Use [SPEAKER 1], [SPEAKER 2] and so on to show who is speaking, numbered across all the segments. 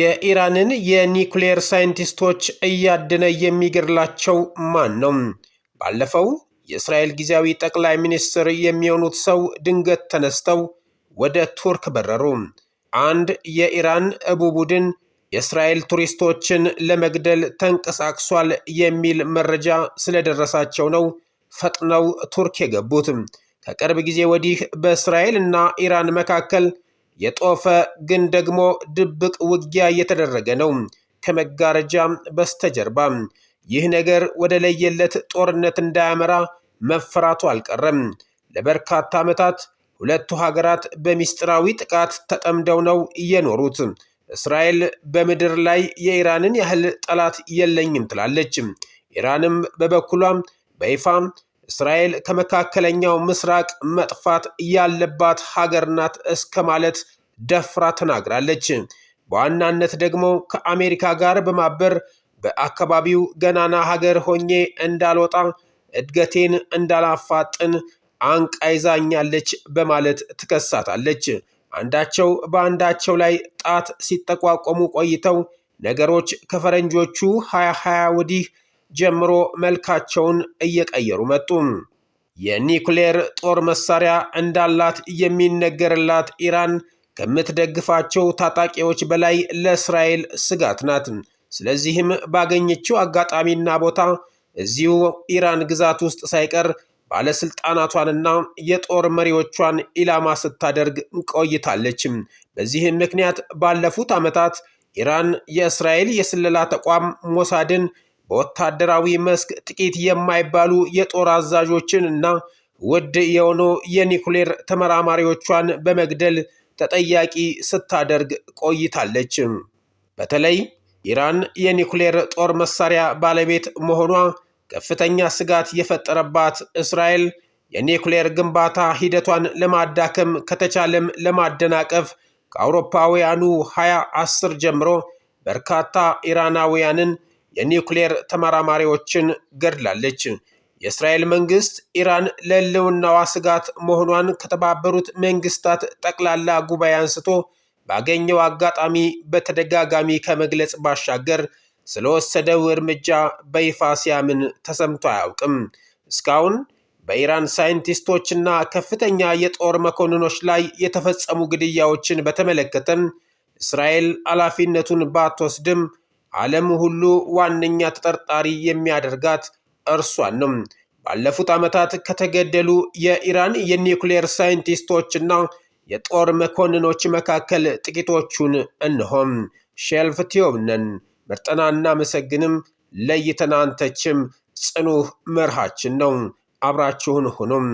[SPEAKER 1] የኢራንን የኒኩሌር ሳይንቲስቶች እያደነ የሚገድላቸው ማን ነው? ባለፈው የእስራኤል ጊዜያዊ ጠቅላይ ሚኒስትር የሚሆኑት ሰው ድንገት ተነስተው ወደ ቱርክ በረሩ። አንድ የኢራን እቡ ቡድን የእስራኤል ቱሪስቶችን ለመግደል ተንቀሳቅሷል የሚል መረጃ ስለደረሳቸው ነው ፈጥነው ቱርክ የገቡት። ከቅርብ ጊዜ ወዲህ በእስራኤል እና ኢራን መካከል የጦፈ ግን ደግሞ ድብቅ ውጊያ እየተደረገ ነው ከመጋረጃ በስተጀርባ። ይህ ነገር ወደ ለየለት ጦርነት እንዳያመራ መፈራቱ አልቀረም። ለበርካታ ዓመታት ሁለቱ ሀገራት በሚስጥራዊ ጥቃት ተጠምደው ነው እየኖሩት። እስራኤል በምድር ላይ የኢራንን ያህል ጠላት የለኝም ትላለች። ኢራንም በበኩሏም በይፋም እስራኤል ከመካከለኛው ምስራቅ መጥፋት ያለባት ሀገር ናት እስከ ማለት ደፍራ ተናግራለች። በዋናነት ደግሞ ከአሜሪካ ጋር በማበር በአካባቢው ገናና ሀገር ሆኜ እንዳልወጣ እድገቴን እንዳላፋጥን አንቃይዛኛለች በማለት ትከሳታለች። አንዳቸው በአንዳቸው ላይ ጣት ሲጠቋቆሙ ቆይተው ነገሮች ከፈረንጆቹ 2020 ወዲህ ጀምሮ መልካቸውን እየቀየሩ መጡ። የኒውክሌር ጦር መሳሪያ እንዳላት የሚነገርላት ኢራን ከምትደግፋቸው ታጣቂዎች በላይ ለእስራኤል ስጋት ናት። ስለዚህም ባገኘችው አጋጣሚና ቦታ እዚሁ ኢራን ግዛት ውስጥ ሳይቀር ባለስልጣናቷንና የጦር መሪዎቿን ኢላማ ስታደርግ ቆይታለች። በዚህም ምክንያት ባለፉት ዓመታት ኢራን የእስራኤል የስለላ ተቋም ሞሳድን በወታደራዊ መስክ ጥቂት የማይባሉ የጦር አዛዦችን እና ውድ የሆኑ የኒኩሌር ተመራማሪዎቿን በመግደል ተጠያቂ ስታደርግ ቆይታለች። በተለይ ኢራን የኒኩሌር ጦር መሳሪያ ባለቤት መሆኗ ከፍተኛ ስጋት የፈጠረባት እስራኤል የኒኩሌር ግንባታ ሂደቷን ለማዳከም ከተቻለም ለማደናቀፍ ከአውሮፓውያኑ 2010 ጀምሮ በርካታ ኢራናውያንን የኒውክሌር ተመራማሪዎችን ገድላለች። የእስራኤል መንግስት ኢራን ለልውናዋ ስጋት መሆኗን ከተባበሩት መንግስታት ጠቅላላ ጉባኤ አንስቶ ባገኘው አጋጣሚ በተደጋጋሚ ከመግለጽ ባሻገር ስለወሰደው እርምጃ በይፋ ሲያምን ተሰምቶ አያውቅም። እስካሁን በኢራን ሳይንቲስቶችና ከፍተኛ የጦር መኮንኖች ላይ የተፈጸሙ ግድያዎችን በተመለከተም እስራኤል ኃላፊነቱን ባትወስድም ዓለም ሁሉ ዋነኛ ተጠርጣሪ የሚያደርጋት እርሷን ነው። ባለፉት ዓመታት ከተገደሉ የኢራን የኒውክሌር ሳይንቲስቶችና የጦር መኮንኖች መካከል ጥቂቶቹን እንሆም። ሼልፍ ቲዮብነን መርጠና እናመሰግንም ለይተናንተችም ጽኑ መርሃችን ነው። አብራችሁን ሁኑም።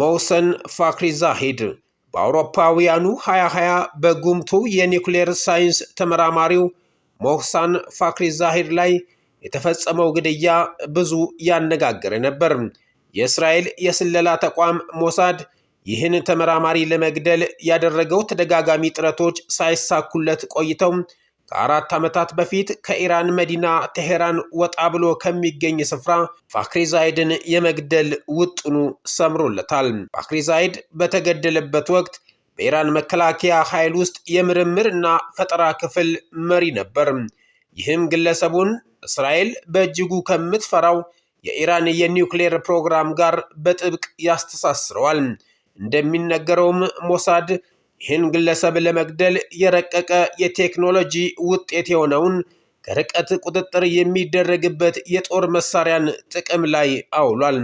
[SPEAKER 2] መውሰን ፋክሪ ዛሂድ በአውሮፓውያኑ 2020 በጉምቱ የኒውክሌር ሳይንስ ተመራማሪው ሞህሳን ፋክሪ ዛሂር ላይ የተፈጸመው ግድያ ብዙ ያነጋገረ ነበር። የእስራኤል የስለላ ተቋም ሞሳድ ይህን ተመራማሪ ለመግደል ያደረገው ተደጋጋሚ ጥረቶች ሳይሳኩለት ቆይተው ከአራት ዓመታት በፊት ከኢራን መዲና ቴሄራን ወጣ ብሎ ከሚገኝ ስፍራ ፋክሪ ዛይድን የመግደል ውጥኑ ሰምሮለታል። ፋክሪ ዛይድ በተገደለበት ወቅት በኢራን መከላከያ ኃይል ውስጥ የምርምር እና ፈጠራ ክፍል መሪ ነበር። ይህም ግለሰቡን እስራኤል በእጅጉ ከምትፈራው የኢራን የኒውክሌር ፕሮግራም ጋር በጥብቅ ያስተሳስረዋል። እንደሚነገረውም ሞሳድ ይህን ግለሰብ ለመግደል የረቀቀ የቴክኖሎጂ ውጤት የሆነውን ከርቀት ቁጥጥር የሚደረግበት የጦር መሳሪያን ጥቅም ላይ አውሏል።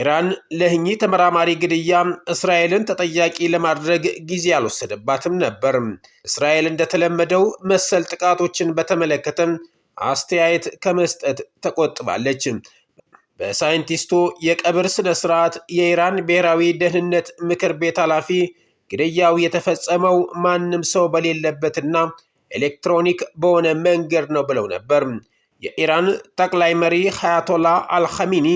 [SPEAKER 2] ኢራን ለእኚህ ተመራማሪ ግድያ እስራኤልን ተጠያቂ ለማድረግ ጊዜ አልወሰደባትም ነበር። እስራኤል እንደተለመደው መሰል ጥቃቶችን በተመለከተ አስተያየት ከመስጠት ተቆጥባለች። በሳይንቲስቱ የቀብር ስነ ስርዓት የኢራን ብሔራዊ ደህንነት ምክር ቤት ኃላፊ ግድያው የተፈጸመው ማንም ሰው በሌለበትና ኤሌክትሮኒክ በሆነ መንገድ ነው ብለው ነበር። የኢራን ጠቅላይ መሪ ሀያቶላ አልኸሚኒ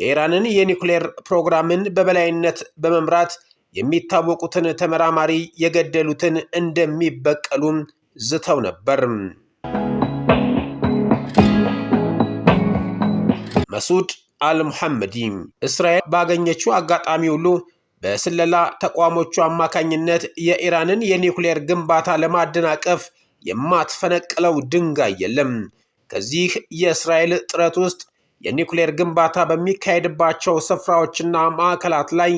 [SPEAKER 2] የኢራንን የኒውክሌር ፕሮግራምን በበላይነት በመምራት የሚታወቁትን ተመራማሪ የገደሉትን እንደሚበቀሉም ዝተው ነበር።
[SPEAKER 3] መሱድ አልሙሐመዲ እስራኤል ባገኘችው አጋጣሚ ሁሉ በስለላ ተቋሞቹ አማካኝነት የኢራንን የኒውክሌር ግንባታ ለማደናቀፍ የማትፈነቅለው ድንጋይ የለም። ከዚህ የእስራኤል ጥረት ውስጥ የኒውክሌር ግንባታ በሚካሄድባቸው ስፍራዎችና ማዕከላት ላይ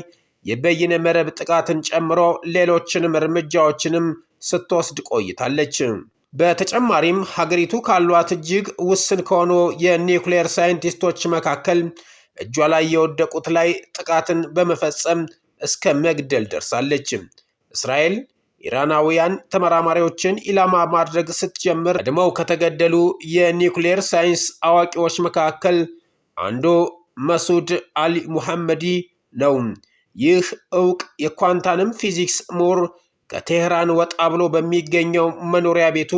[SPEAKER 3] የበይነ መረብ ጥቃትን ጨምሮ ሌሎችንም እርምጃዎችንም ስትወስድ ቆይታለች። በተጨማሪም ሀገሪቱ ካሏት እጅግ ውስን ከሆኑ የኒውክሌር ሳይንቲስቶች መካከል እጇ ላይ የወደቁት ላይ ጥቃትን በመፈጸም እስከ መግደል ደርሳለች እስራኤል ኢራናውያን ተመራማሪዎችን ኢላማ ማድረግ ስትጀምር ቀድመው ከተገደሉ የኒውክሌር ሳይንስ አዋቂዎች መካከል አንዱ መሱድ አሊ ሙሐመዲ ነው። ይህ እውቅ የኳንታንም ፊዚክስ ምሁር ከቴህራን ወጣ ብሎ በሚገኘው መኖሪያ ቤቱ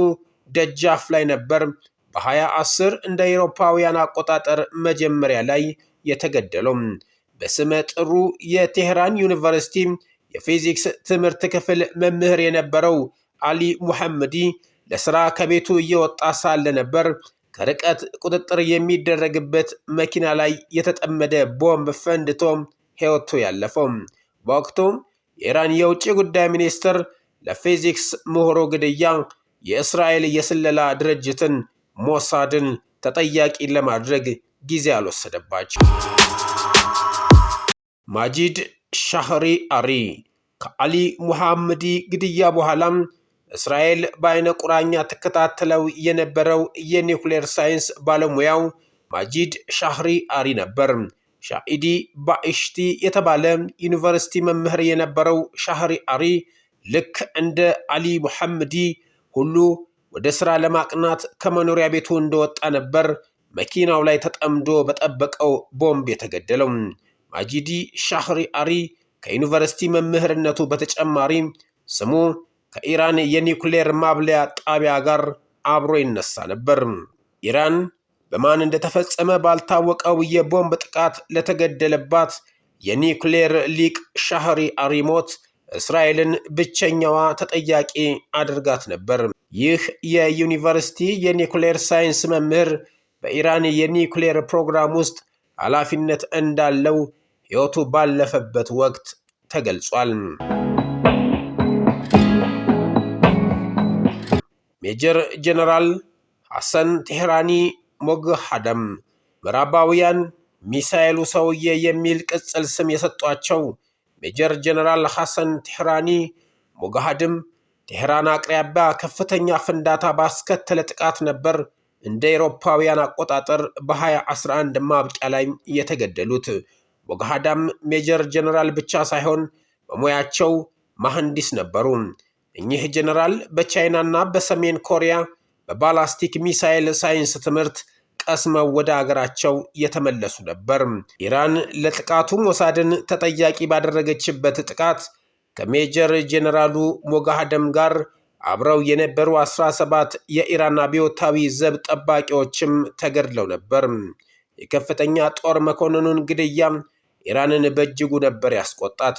[SPEAKER 3] ደጃፍ ላይ ነበር በ2010 እንደ አውሮፓውያን አቆጣጠር መጀመሪያ ላይ የተገደለው። በስመ ጥሩ የቴህራን ዩኒቨርሲቲ የፊዚክስ ትምህርት ክፍል መምህር የነበረው አሊ ሙሐመዲ ለስራ ከቤቱ እየወጣ ሳለ ነበር ከርቀት ቁጥጥር የሚደረግበት መኪና ላይ የተጠመደ ቦምብ ፈንድቶ ሕይወቱ ያለፈው። በወቅቱ የኢራን የውጭ ጉዳይ ሚኒስትር ለፊዚክስ ምሁሩ ግድያ የእስራኤል የስለላ ድርጅትን ሞሳድን ተጠያቂ ለማድረግ ጊዜ አልወሰደባቸው።
[SPEAKER 4] ማጂድ ሻህሪ አሪ ከአሊ ሙሐመዲ ግድያ በኋላም እስራኤል በአይነ ቁራኛ ትከታተለው የነበረው የኒውክሌር ሳይንስ ባለሙያው ማጂድ ሻህሪ አሪ ነበር። ሻኢዲ ባኢሽቲ የተባለ ዩኒቨርሲቲ መምህር የነበረው ሻህሪ አሪ ልክ እንደ አሊ ሙሐመዲ ሁሉ ወደ ስራ ለማቅናት ከመኖሪያ ቤቱ እንደወጣ ነበር መኪናው ላይ ተጠምዶ በጠበቀው ቦምብ የተገደለው። ማጂዲ ሻህሪ አሪ ከዩኒቨርሲቲ መምህርነቱ በተጨማሪም ስሙ ከኢራን የኒውክሌር ማብለያ ጣቢያ ጋር አብሮ ይነሳ ነበር። ኢራን በማን እንደተፈጸመ ባልታወቀው የቦምብ ጥቃት ለተገደለባት የኒውክሌር ሊቅ ሻህሪ አሪ ሞት እስራኤልን ብቸኛዋ ተጠያቂ አድርጋት ነበር። ይህ የዩኒቨርሲቲ የኒውክሌር ሳይንስ መምህር በኢራን የኒውክሌር ፕሮግራም ውስጥ ኃላፊነት እንዳለው ሕይወቱ ባለፈበት ወቅት ተገልጿል።
[SPEAKER 5] ሜጀር ጀነራል ሐሰን ቴህራኒ ሞግሃደም ምዕራባውያን ሚሳኤሉ ሰውዬ የሚል ቅጽል ስም የሰጧቸው ሜጀር ጀነራል ሐሰን ቴህራኒ ሞግሃድም ቴህራን አቅራቢያ ከፍተኛ ፍንዳታ ባስከተለ ጥቃት ነበር እንደ ኤሮፓውያን አቆጣጠር በ2011 ማብቂያ ላይ የተገደሉት። ወግሃዳም ሜጀር ጀነራል ብቻ ሳይሆን በሙያቸው መሐንዲስ ነበሩ። እኚህ ጀነራል በቻይናና በሰሜን ኮሪያ በባላስቲክ ሚሳይል ሳይንስ ትምህርት ቀስመው ወደ አገራቸው የተመለሱ ነበር። ኢራን ለጥቃቱ ሞሳድን ተጠያቂ ባደረገችበት ጥቃት ከሜጀር ጀነራሉ ሞጋሃደም ጋር አብረው የነበሩ 17 የኢራን አብዮታዊ ዘብ ጠባቂዎችም ተገድለው ነበር። የከፍተኛ ጦር መኮንኑን ግድያ ኢራንን በእጅጉ ነበር ያስቆጣት።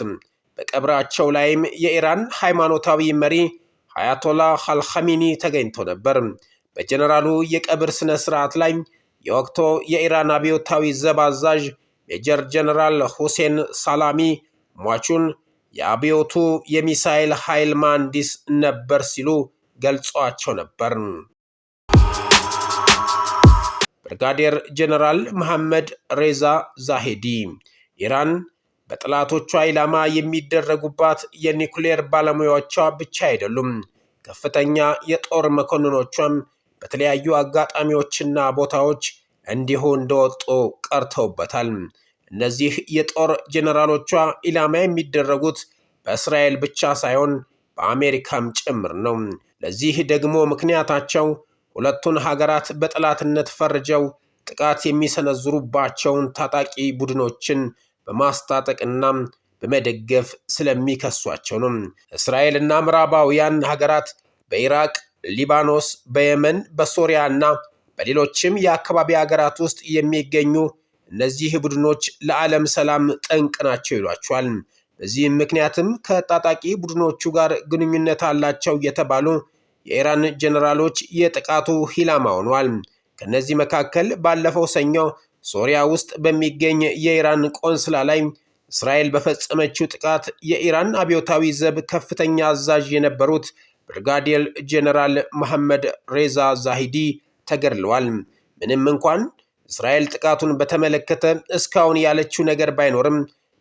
[SPEAKER 5] በቀብራቸው ላይም የኢራን ሃይማኖታዊ መሪ አያቶላ አልኻሚኒ ተገኝቶ ነበር። በጀነራሉ የቀብር ስነ ስርዓት ላይ የወቅቱ የኢራን አብዮታዊ ዘብ አዛዥ ሜጀር ጀነራል ሁሴን ሳላሚ ሟቹን የአብዮቱ የሚሳኤል ኃይል መሐንዲስ ነበር ሲሉ ገልጿቸው ነበር።
[SPEAKER 6] ብርጋዴር ጀነራል መሐመድ ሬዛ ዛሄዲ ኢራን በጠላቶቿ ኢላማ የሚደረጉባት የኒኩሌር ባለሙያዎቿ ብቻ አይደሉም። ከፍተኛ የጦር መኮንኖቿም በተለያዩ አጋጣሚዎችና ቦታዎች እንዲሁ እንደወጡ ቀርተውበታል። እነዚህ የጦር ጄኔራሎቿ ኢላማ የሚደረጉት በእስራኤል ብቻ ሳይሆን በአሜሪካም ጭምር ነው። ለዚህ ደግሞ ምክንያታቸው ሁለቱን ሀገራት በጠላትነት ፈርጀው ጥቃት የሚሰነዝሩባቸውን ታጣቂ ቡድኖችን በማስታጠቅና በመደገፍ ስለሚከሷቸው ነው። እስራኤልና ምዕራባውያን ሀገራት በኢራቅ፣ ሊባኖስ፣ በየመን፣ በሶሪያ እና በሌሎችም የአካባቢ ሀገራት ውስጥ የሚገኙ እነዚህ ቡድኖች ለዓለም ሰላም ጠንቅ ናቸው ይሏቸዋል። በዚህም ምክንያትም ከታጣቂ ቡድኖቹ ጋር ግንኙነት አላቸው የተባሉ የኢራን ጀኔራሎች የጥቃቱ ሂላማ ሆኗል። ከእነዚህ መካከል ባለፈው ሰኞ ሶሪያ ውስጥ በሚገኝ የኢራን ቆንስላ ላይ እስራኤል በፈጸመችው ጥቃት የኢራን አብዮታዊ ዘብ ከፍተኛ አዛዥ የነበሩት ብርጋዴር ጀነራል መሐመድ ሬዛ ዛሂዲ ተገድለዋል። ምንም እንኳን እስራኤል ጥቃቱን በተመለከተ እስካሁን ያለችው ነገር ባይኖርም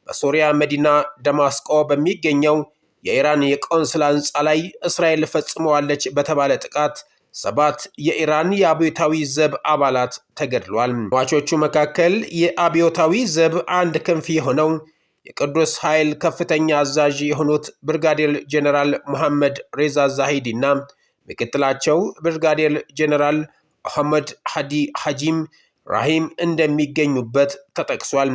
[SPEAKER 6] በሶሪያ መዲና ደማስቆ በሚገኘው የኢራን የቆንስላ ሕንፃ ላይ እስራኤል ፈጽመዋለች በተባለ ጥቃት ሰባት የኢራን የአብዮታዊ ዘብ አባላት ተገድሏል። ሟቾቹ መካከል የአብዮታዊ ዘብ አንድ ክንፍ የሆነው የቅዱስ ኃይል ከፍተኛ አዛዥ የሆኑት ብርጋዴር ጀኔራል መሐመድ ሬዛ ዛሂድ እና ምክትላቸው ብርጋዴር ጀኔራል አህመድ ሀዲ ሐጂም ራሂም እንደሚገኙበት ተጠቅሷል።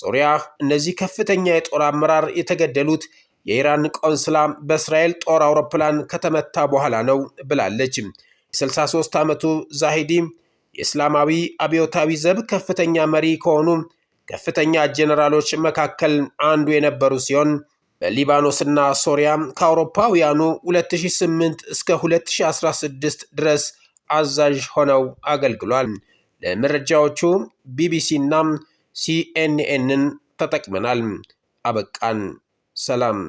[SPEAKER 6] ሶሪያ እነዚህ ከፍተኛ የጦር አመራር የተገደሉት የኢራን ቆንስላ በእስራኤል ጦር አውሮፕላን ከተመታ በኋላ ነው ብላለች። የ63 ዓመቱ ዛሂዲ የእስላማዊ አብዮታዊ ዘብ ከፍተኛ መሪ ከሆኑ ከፍተኛ ጄኔራሎች መካከል አንዱ የነበሩ ሲሆን በሊባኖስና ሶሪያ ከአውሮፓውያኑ 2008 እስከ 2016 ድረስ አዛዥ ሆነው አገልግሏል። ለመረጃዎቹ እና ሲኤንኤንን ተጠቅመናል። አበቃን። ሰላም